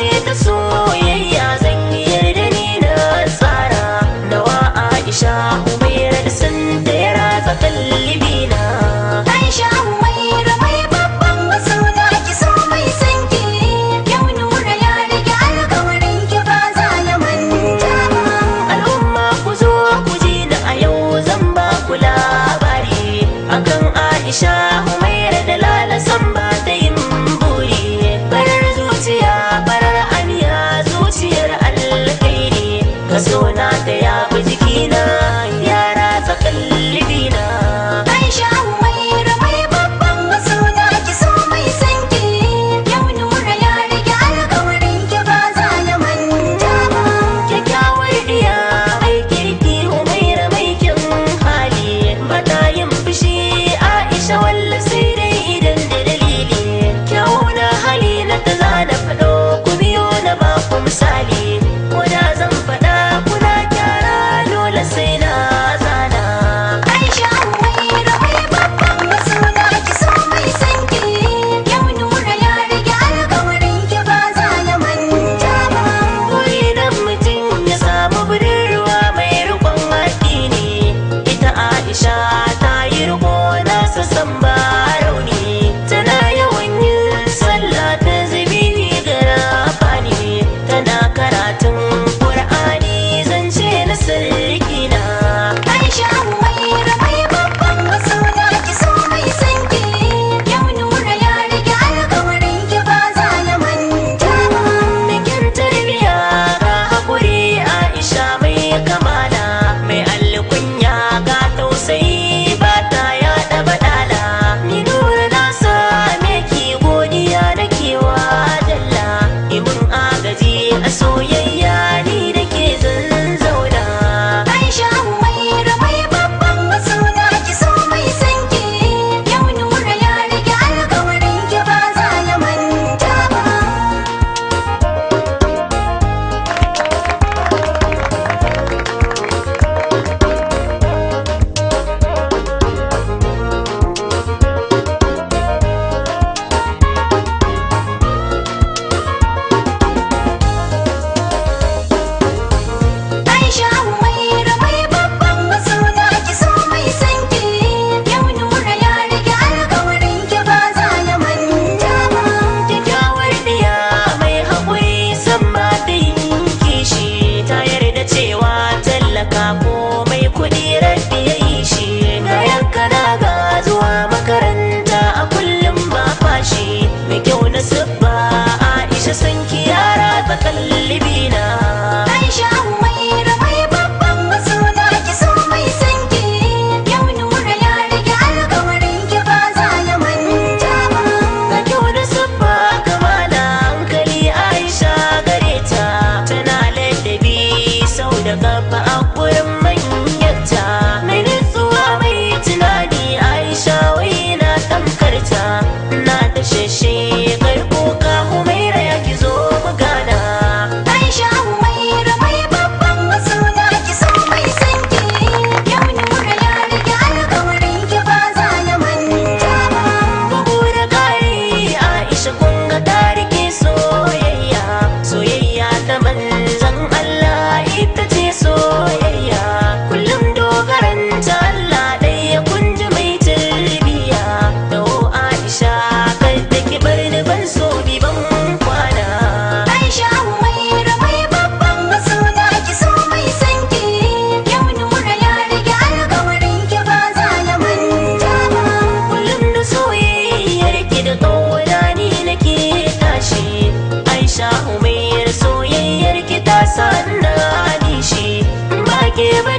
norte e sul. give